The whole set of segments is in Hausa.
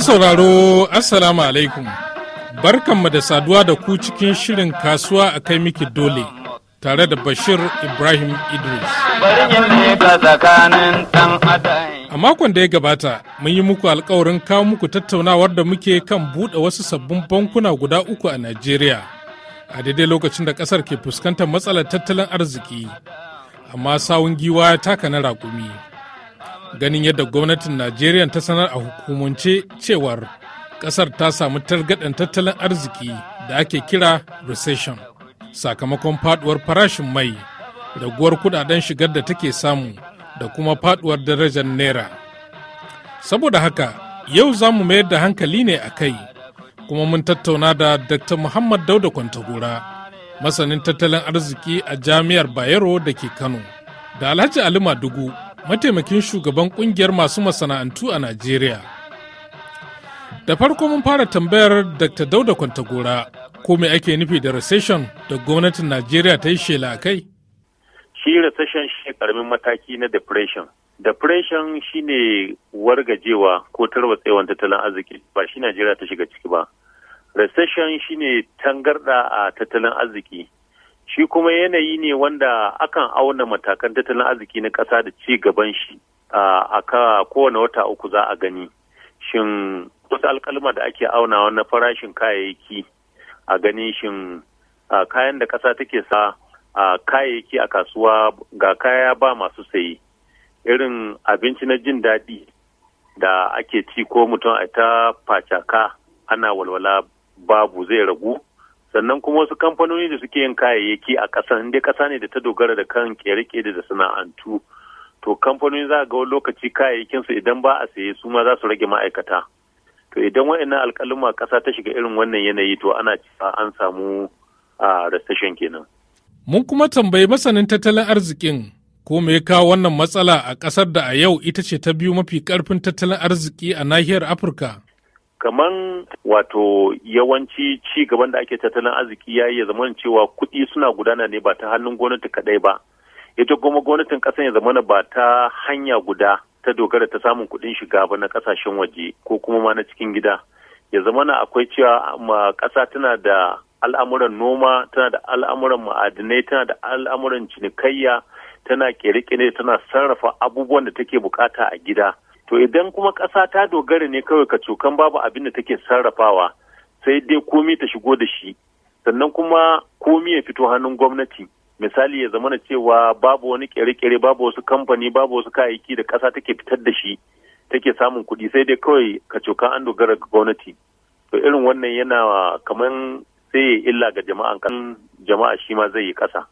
sauraro assalamu alaikum barkanmu da saduwa da ku cikin shirin kasuwa a kai miki dole tare da bashir ibrahim idris a makon da ya gabata mun yi muku alkawarin kawo muku tattaunawar da muke kan buɗe wasu sabbin bankuna guda uku a najeriya a daidai lokacin da ƙasar ke fuskantar matsalar tattalin arziki amma sawun giwa ya taka na raƙumi ganin yadda gwamnatin najeriya ta sanar a hukumance cewar kasar ta samu targaɗan tattalin arziki da ake kira recession sakamakon faduwar farashin mai raguwar kudaden shigar da take samu da kuma faduwar darajar naira saboda haka yau za mu mayar da hankali ne a kai kuma mun tattauna da dr muhammad dauda kwantagora masanin tattalin arziki a jami'ar bayero da ke kano da alhaji ali madugu mataimakin shugaban kungiyar masu masana'antu a Najeriya. Da farko mun fara tambayar Dr. Dauda Kwantagora ko mai ake nufi da recession da gwamnatin Najeriya ta yi shela a kai? Shi recession shi karamin mataki na depression. Depression shi ne wargajewa ko tarwatsewan tattalin arziki ba shi Najeriya ta shiga ciki ba. Recession shi ne tangarda a tattalin arziki. shi kuma yanayi ne wanda akan auna matakan tattalin arziki na ƙasa da ci gaban shi a kowane wata uku za a gani shin wasu alkalma da ake aunawa na farashin kayayyaki a gani shin kayan da ƙasa take sa a kayayyaki a kasuwa ga kaya ba masu sayi irin abinci na jin daɗi da ake ci ko mutum a ta facaka ana walwala babu zai ragu sannan kuma wasu kamfanoni da suke yin kayayyaki a ƙasa inda ƙasa ne da ta dogara da kan ƙere kere da sana'antu to kamfanoni za a ga wani lokaci kayayyakinsu idan ba a saye su ma za su rage ma'aikata to idan wa'annan alƙaluma ƙasa ta shiga irin wannan yanayi to ana cewa an samu a recession kenan. Mun kuma tambayi masanin tattalin arzikin ko me kawo wannan matsala a ƙasar da a yau ita ce ta biyu mafi ƙarfin tattalin arziki a nahiyar Afirka. kaman wato yawanci ci gaban da ake tattalin arziki ya yi zama cewa kuɗi suna gudana ne ba ta hannun gwamnati kaɗai ba ita kuma gwamnatin ƙasa ya zama ba ta hanya guda ta dogara ta samun kuɗin shiga ba na ƙasashen waje ko kuma ma na cikin gida ya zama akwai cewa ma ƙasa tana da al'amuran noma tana da al'amuran ma'adinai tana da al'amuran cinikayya tana ƙere-ƙere tana sarrafa abubuwan da take bukata a gida to idan kuma ƙasa ta dogara ne kawai ka cokan babu abin da take sarrafawa sai dai komi ta shigo da shi sannan kuma komi ya fito hannun gwamnati misali ya zamana cewa babu wani kere-kere babu wasu kamfani babu wasu kayayyaki da ƙasa take fitar da shi take samun kuɗi sai dai kawai ka an dogara ga gwamnati to irin wannan yana kaman sai ya illa ga jama'an kan jama'a shi ma zai yi ƙasa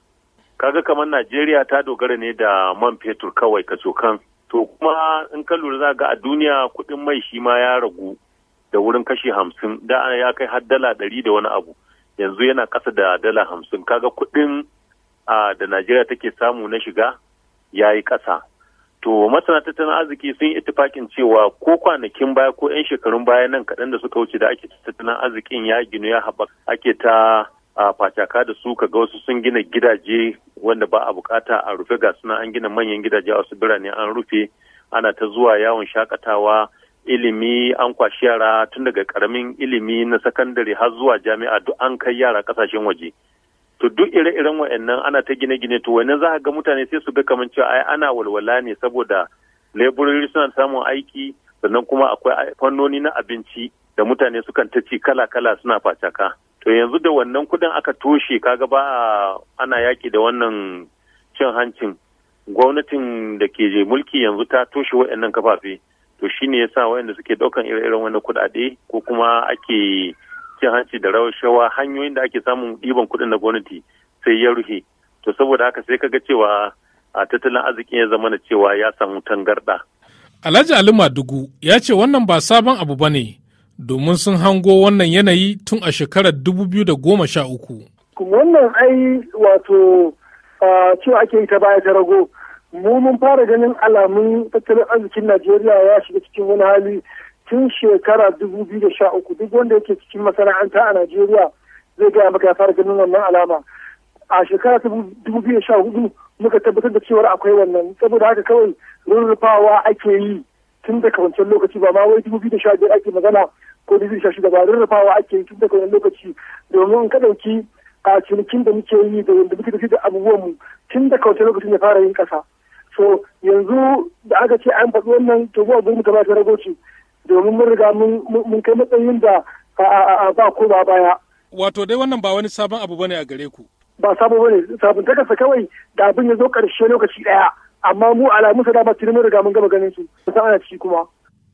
kaga kamar najeriya ta dogara ne da man fetur kawai ka kan to kuma in ka lura za ga a duniya kuɗin mai shi ma ya ragu da wurin kashi hamsin da ya kai har dala ɗari da wani abu yanzu yana ƙasa da dala hamsin kaga kuɗin da najeriya take samu na shiga ya yi ƙasa to masana tattalin arziki sun yi itifakin cewa ko kwanakin baya ko 'yan shekarun baya nan kaɗan da suka wuce da ake tattalin arzikin ya ginu ya haɓaka ake ta a facaka da su ga wasu sun gina gidaje wanda ba a bukata a rufe ga suna an gina manyan gidaje a wasu birane an rufe ana ta zuwa yawon shakatawa ilimi an kwashi yara tun daga karamin ilimi na sakandare har zuwa jami'a duk an kai yara kasashen waje to duk ire-iren wa'annan ana ta gine-gine to wannan za ga mutane sai su ga kamar cewa ai ana walwala ne saboda laburori suna samun aiki sannan kuma akwai fannoni na abinci da mutane sukan ta ci kala-kala suna facaka. to yanzu da wannan kudin aka toshe kaga ba ana yaki da wannan cin hancin gwamnatin da ke mulki yanzu ta toshe waɗannan kafafe to shine yasa waɗanda suke ɗaukan ire-iren wannan kuɗaɗe ko kuma ake cin hanci da rashawa hanyoyin da ake samun ɗiban kuɗin na gwamnati sai ya ruhe to saboda haka sai kaga cewa a tattalin arzikin ya zama na cewa ya samu tangarɗa. Alhaji Ali dugu ya ce wannan ba sabon abu ba ne domin sun hango wannan yanayi tun a shekarar 2013. Wannan ai wato cewa ake yi ta baya ta rago. Mu mun fara ganin alamun tattalin arzikin Najeriya ya shiga cikin wani hali tun shekara 2013 duk wanda yake cikin masana'anta a Najeriya zai gaya maka ya fara ganin wannan alama. A shekara 2014 muka tabbatar da cewar akwai wannan saboda haka kawai rurrufawa ake yi tun daga wancan lokaci ba ma wai 2015 ake magana ko dubu shashi da ba rufawa ake yi tun daga wani lokaci domin ka ɗauki a cinikin da muke yi da wanda muke tafi da abubuwanmu tun daga wata lokacin ya fara yin ƙasa so yanzu da aka ce an faɗi wannan to ba gurin kamar ba ta ragoci domin mun riga mun kai matsayin da ba ko ba baya. Wato dai wannan ba wani sabon abu bane a gare ku. Ba sabon bane sabon ta kasa kawai da abin ya zo karshe lokaci daya amma mu alamun sa da ba tuni mun riga mun gama ganin su. Musan ana ciki kuma.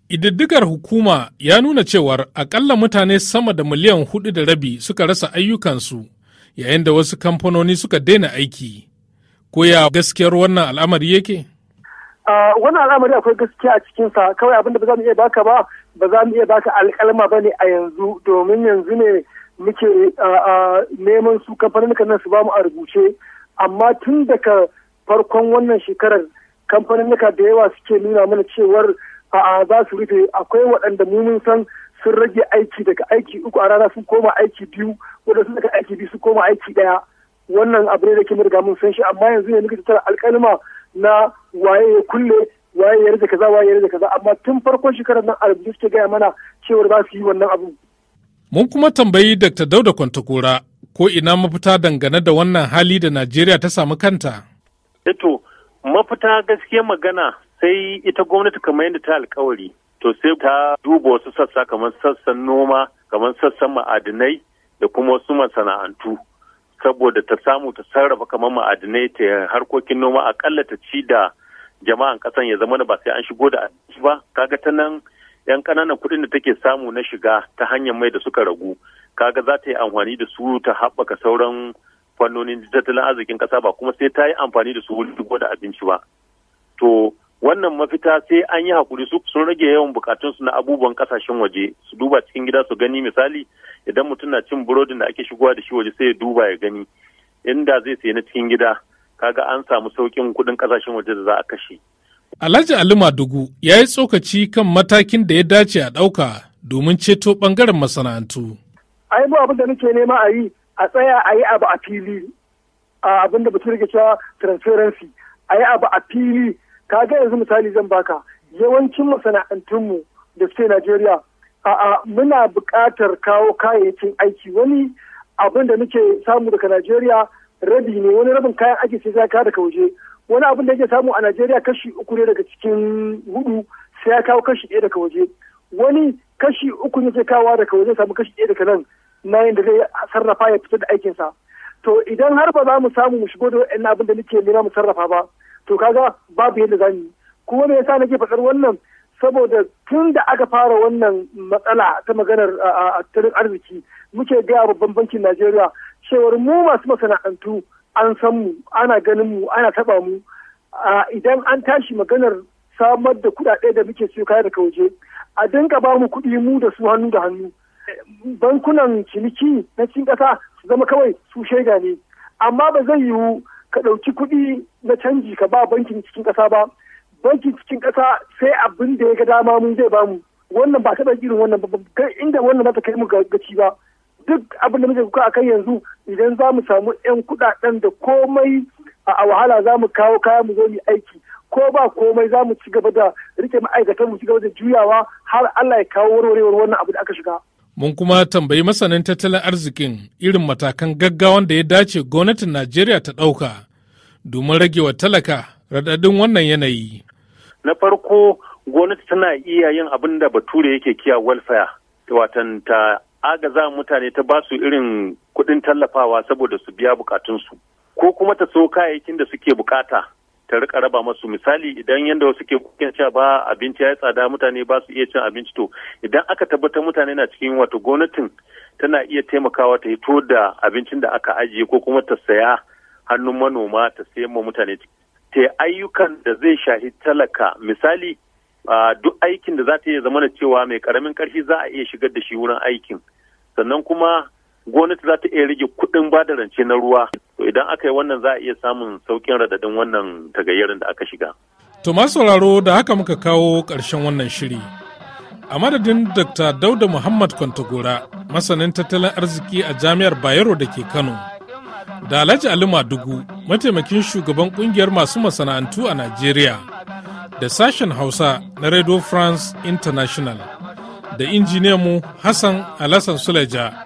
Ididdigar hukuma ya nuna cewar akalla mutane sama da miliyan hudu da rabi suka rasa ayyukansu yayin da wasu kamfanoni suka daina aiki. Koya gaskiyar wannan al'amari yake? Wannan al'amari akwai gaskiya a cikinsa kawai abin da ba za mu iya baka ba ba za mu iya baka alkalma ba ne a yanzu domin yanzu ne muke neman su kamfanin nan su ba mu a rubuce amma tun daga farkon wannan shekarar kamfanin da yawa suke nuna mana cewar a'a za su rufe akwai waɗanda mu mun san sun rage aiki daga aiki uku a rana sun koma aiki biyu sun daga aiki biyu su koma aiki ɗaya wannan abu ne da ke riga mun san shi amma yanzu ne muka tattara alƙalma na waye ya kulle waye ya rage kaza waye ya rage kaza amma tun farkon shekarar nan arabu suke gaya mana cewa za su yi wannan abu. Mun kuma tambayi Dr. Dauda Kwantakora ko ina mafita dangane da wannan hali da Najeriya ta samu kanta. Eto mafita gaskiya magana sai ita gwamnati kamar yadda ta alkawari to sai ta duba wasu sassa kamar sassan noma kamar sassan ma'adinai da kuma wasu masana'antu saboda ta samu ta sarrafa kamar ma'adinai ta harkokin noma akalla ta ci da jama'an kasan ya zama da ba sai an shigo da abinci ba kaga ta nan yan kananan kuɗin da take samu na shiga ta hanyar mai da suka ragu kaga za ta yi amfani da su ta haɓaka sauran fannonin tattalin arzikin ƙasa ba kuma sai ta yi amfani da su wurin shigo da abinci ba to wannan mafita sai an yi hakuri su sun rage yawan bukatun su na abubuwan kasashen waje su duba cikin gida su gani misali idan mutum na cin burodin da ake shigowa da shi waje sai ya duba ya gani inda zai sayi na cikin gida kaga an samu saukin kudin kasashen waje da za a kashe. Alhaji Alima dugu ya yi tsokaci kan matakin da ya dace a ɗauka domin ceto bangaren masana'antu. A mu abin da nake nema a yi a tsaya a yi abu a fili abin da bature ke cewa transparency a yi abu a fili ka ga yanzu misali zan baka yawancin masana'antunmu da suke Najeriya a'a muna buƙatar kawo kayayyakin aiki wani abin da muke samu daga Najeriya rabi ne wani rabin kayan aiki sai ya daga waje wani abin da yake samu a Najeriya kashi uku ne daga cikin hudu sai ya kawo kashi ɗaya daga waje wani kashi uku ne zai kawo daga waje samu kashi ɗaya daga nan na yadda zai sarrafa ya fitar da aikinsa to idan har ba za mu samu mu shigo da wa'annan abin da muke nema mu sarrafa ba to kaga babu yadda za mu kuma me yasa nake faɗar wannan saboda tun da aka fara wannan matsala ta maganar tattalin arziki muke gaya babban bankin Najeriya cewar mu masu masana'antu an san mu ana ganin mu ana taba mu idan an tashi maganar samar da kuɗaɗe da muke siyo kaya daga waje a dinka ba mu kuɗi mu da su hannu da hannu bankunan ciniki na cikin ƙasa su zama kawai su shaida ne amma ba zai yiwu ka ɗauki kuɗi na canji ka ba bankin cikin ƙasa ba bankin cikin ƙasa sai abin da ya ga dama mun zai bamu wannan ba taɓa irin wannan ba inda wannan za ta kai mu gaci ba duk abin da muke kuka a kai yanzu idan za mu samu 'yan kuɗaɗen da komai a wahala za mu kawo kaya mu zo mu aiki ko ba komai za mu ci gaba da rike ma'aikatan mu ci gaba da juyawa har Allah ya kawo warwarewar wannan abu da aka shiga. Mun kuma tambayi masanin tattalin arzikin irin matakan gaggawan da ya dace gwamnatin Najeriya ta ɗauka domin rage wa talaka raɗaɗin wannan yanayi. Na farko gwamnati tana iya yin abin da bature yake kiya welfare watan ta agaza mutane ta basu irin kuɗin tallafawa saboda su biya bukatunsu ko kuma ta so kayayyakin da suke bukata ta rika raba masu misali idan yadda wasu ke kuken cewa ba abinci ya tsada mutane ba su iya cin abinci to idan aka tabbatar mutane na cikin wato gwamnatin tana iya taimakawa ta hito da abincin da aka ajiye ko kuma ta saya hannun manoma ta sayan ma mutane ta ayyukan da zai shahi talaka misali duk aikin da za ta iya zama da cewa mai karamin karfi za a iya shigar da shi wurin aikin sannan kuma gwamnati za ta iya rage kuɗin ba da rance na ruwa idan aka yi wannan za a iya samun saukin radadin wannan tagayyarin da aka shiga. to sauraro da haka muka kawo ƙarshen wannan shiri a madadin dr dauda muhammad kwantagora masanin tattalin arziki a jami'ar bayero da ke kano da alhaji ali madugu mataimakin shugaban kungiyar masu masana'antu a najeriya da sashen hausa na radio france international da injiniyanmu hassan alassan suleja